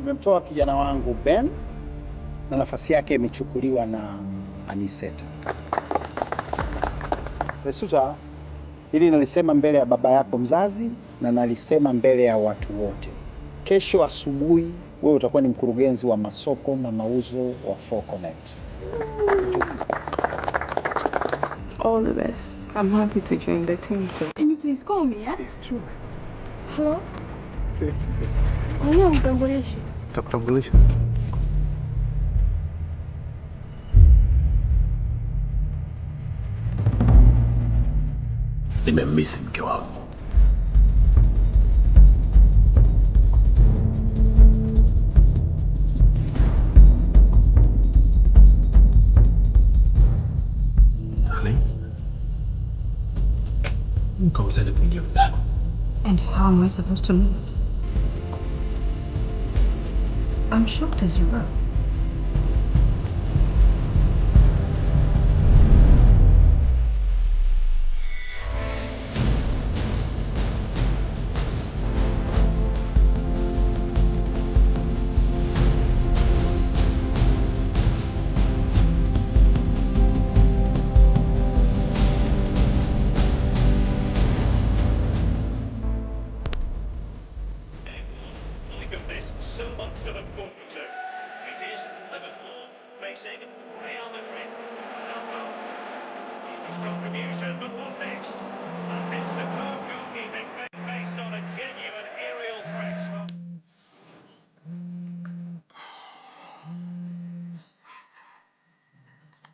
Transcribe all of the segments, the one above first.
Nimemtoa kijana wangu Ben na nafasi yake imechukuliwa na Aniseta. Resuta, hili nalisema mbele ya baba yako mzazi na nalisema mbele ya watu wote. Kesho asubuhi wewe utakuwa ni mkurugenzi wa masoko na mauzo wa 4 All the best. I'm happy to join the team too. Can you please call me, yeah? It's true. Hello? Mwenyewe utambulishe. Takutambulisha. Nimemmisi mke wangu. Go inside the video. And how am I supposed to move? I'm shocked as you were.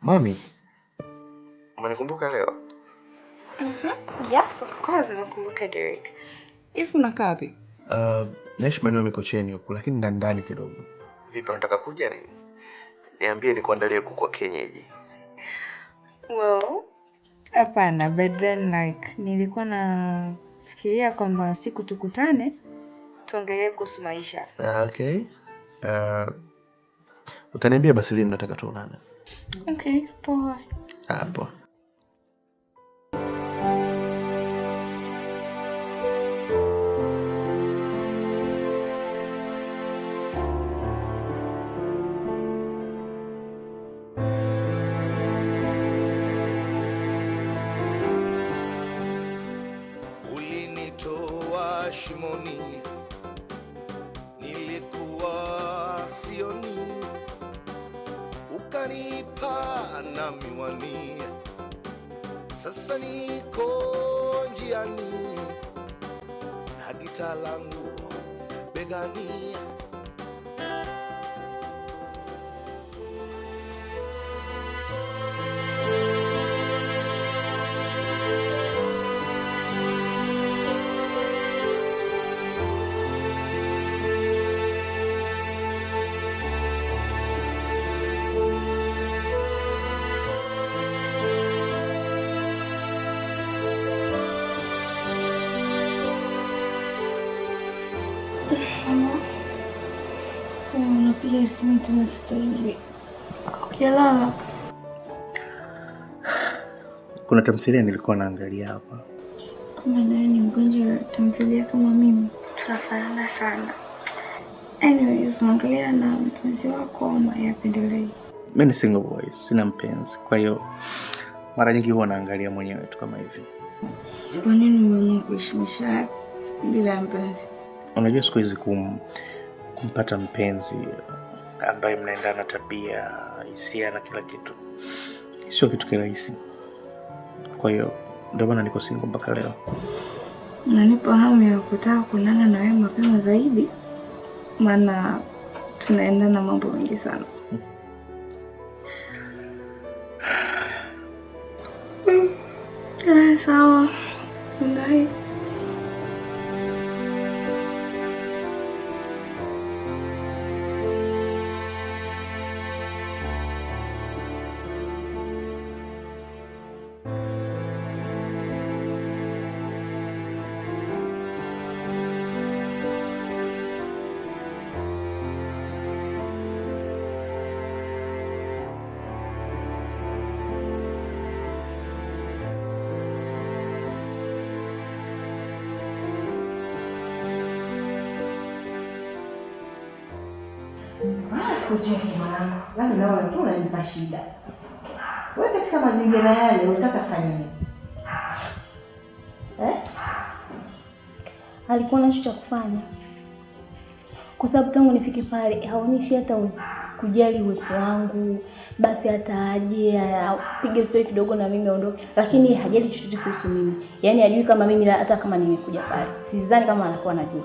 Mami, umenikumbuka leo? mm Yes, of course nakumbuka Derek. Hivi unakaa wapi? Uh, naishi maeneo Mikocheni huku lakini ndani ndani kidogo. Vipi, unataka kuja nini? Niambie nikuandalie kuku wa kienyeji. Well, hapana, but then like nilikuwa nafikiria kwamba siku tukutane tuongelee kuhusu maisha. Ah, okay. Uh, utaniambia basi lini nataka tuonane. okay, porra. Ah, porra. Ulinitoa shimoni na miwani, sasa niko njiani na gita langu begani. ambaye sina tena sasa hivi. Jalala, kuna tamthilia nilikuwa naangalia hapa. Kama naye ni mgonjwa wa tamthilia kama mimi, tunafanana sana. Anyways, unaangalia na mpenzi wako ama yapendelei? Mimi ni single boy, sina mpenzi, kwa hiyo mara nyingi huwa naangalia mwenyewe tu kama hivi. Kwa nini umeamua kuishi maisha bila mpenzi? Unajua siku hizi kum, kumpata mpenzi ambaye mnaendana tabia, hisia na kila kitu, sio kitu kirahisi. Kwa hiyo ndio maana niko single mpaka leo. Unanipa hamu ya kutaka kuonana na wewe mapema zaidi, maana tunaendana mambo mengi sana. Hmm. Eh, sawa, ndio. usicheke mwanangu, yaani naona tu unanipa shida. Wewe katika mazingira yale unataka kufanya nini? Eh? Alikuwa nacho cha kufanya, kwa sababu tangu nifike pale haonyeshi hata kujali uwepo wangu, basi hata aje apige story kidogo na mimi aondoke, lakini hajali chochote kuhusu mimi, yaani ajui kama mimi hata kama nimekuja pale. Sidhani kama anakuwa anajua.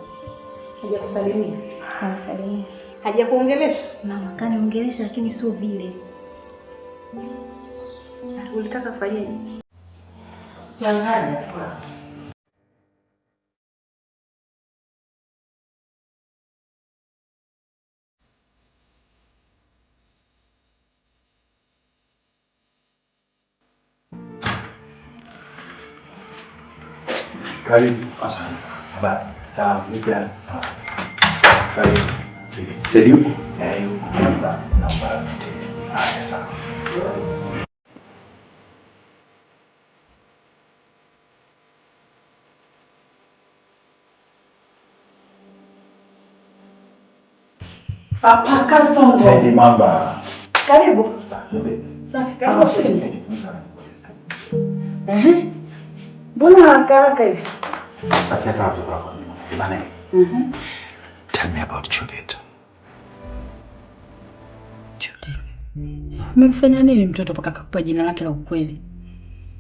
Hajakusalimia? Hajakusalimia hajakuongelesha? Mama kaniongelesha, lakini sio vile. Ulitaka fanyeje? Changanya Karibu. Asante. Habari. Sawa. Sawa. Karibu. Teddy yuko? Eh, yuko. Haya Papa Kasongo. Teddy mamba. Karibu. Safi, ah, karibu haraka hivi? Mhm. Tell me about Juliet. Teli. Umemfanya nini mtoto mpaka akakupa jina lake la ukweli?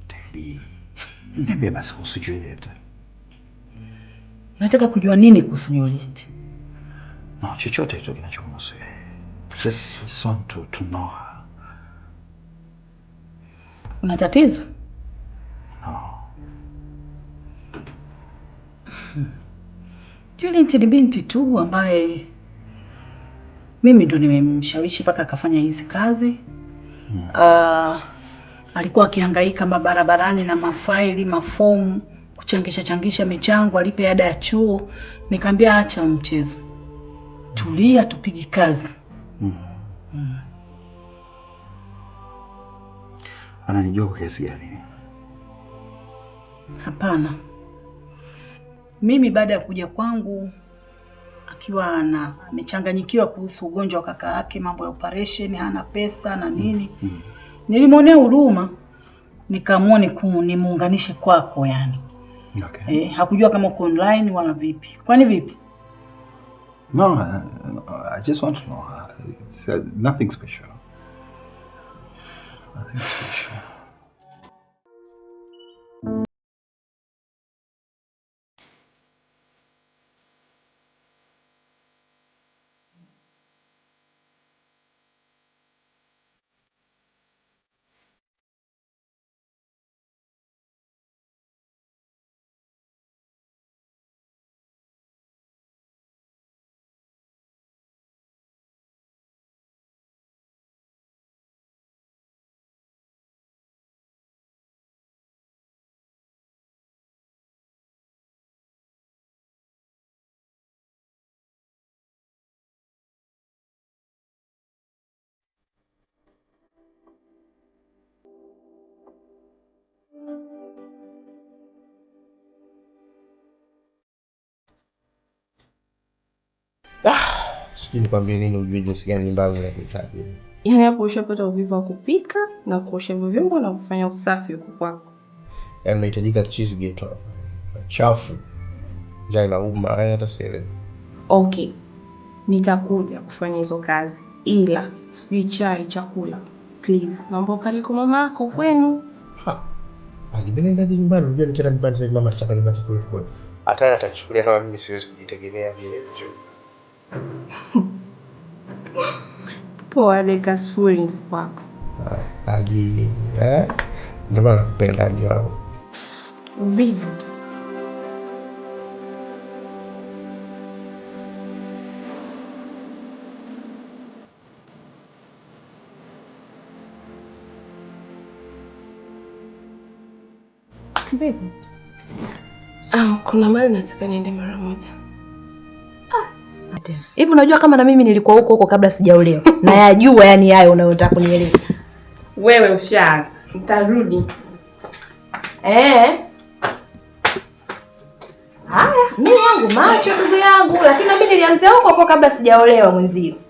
Teli. Niambie basi kuhusu Juliet. Unataka kujua nini kuhusu Juliet? No, chochote tu kinachomhusu yeye. Just, just want to, to know her. Una tatizo? No. Hmm. Juliet ni binti tu ambaye mimi ndo nimemshawishi mpaka akafanya hizi kazi hmm. Uh, alikuwa akihangaika mabarabarani na mafaili mafomu kuchangisha changisha michango alipe ada ya chuo. Nikamwambia acha mchezo, tulia, tupige kazi hmm. Hmm. Ananijua kwa kiasi gani? Hapana, mimi baada ya kuja kwangu akiwa na amechanganyikiwa kuhusu ugonjwa wa kaka yake, mambo ya operation, hana pesa na nini. Mm-hmm. Nilimwonea huruma nikaamua nimuunganishe kwako yani. Okay. Eh, hakujua kama uko online wala vipi. Kwani vipi? No, uh, I just want to know. Uh, it's uh, nothing special. Nothing special. Ah, sijui nikwambie nini, ujue jinsi gani ambavyo nahitaji. Yaani hapo ushapata uvivu wa kupika na kuosha hivyo vyombo na kufanya usafi huko kwako. Yaani nahitajika cheese geto hapa. Chafu. Njaa inauma, yaani hata sielewi. Okay. Nitakuja kufanya hizo kazi. Ila sijui chai, chakula. Please, naomba upeleke kwa mamako kwenu. Ha. Akipenda ah, ndani nyumbani, unajua nikienda nyumbani sasa mama atataka nibaki kule kule. Hata atachukulia kama mimi siwezi kujitegemea vile hivyo. Poa deka sifuri ndio kwako. Ah, Agi, eh? Ndio maana nakupenda wangu. Vipi? Ah, kuna mali nataka niende mara moja. Ah. Hivi unajua kama na mimi nilikuwa huko huko kabla sijaolewa. na yajua yani hayo unayotaka kunieleza. Wewe ushaanza. Nitarudi. Eh. Haya, mimi wangu macho ndugu yangu, lakini na mimi nilianzia huko huko kabla sijaolewa mwenzio.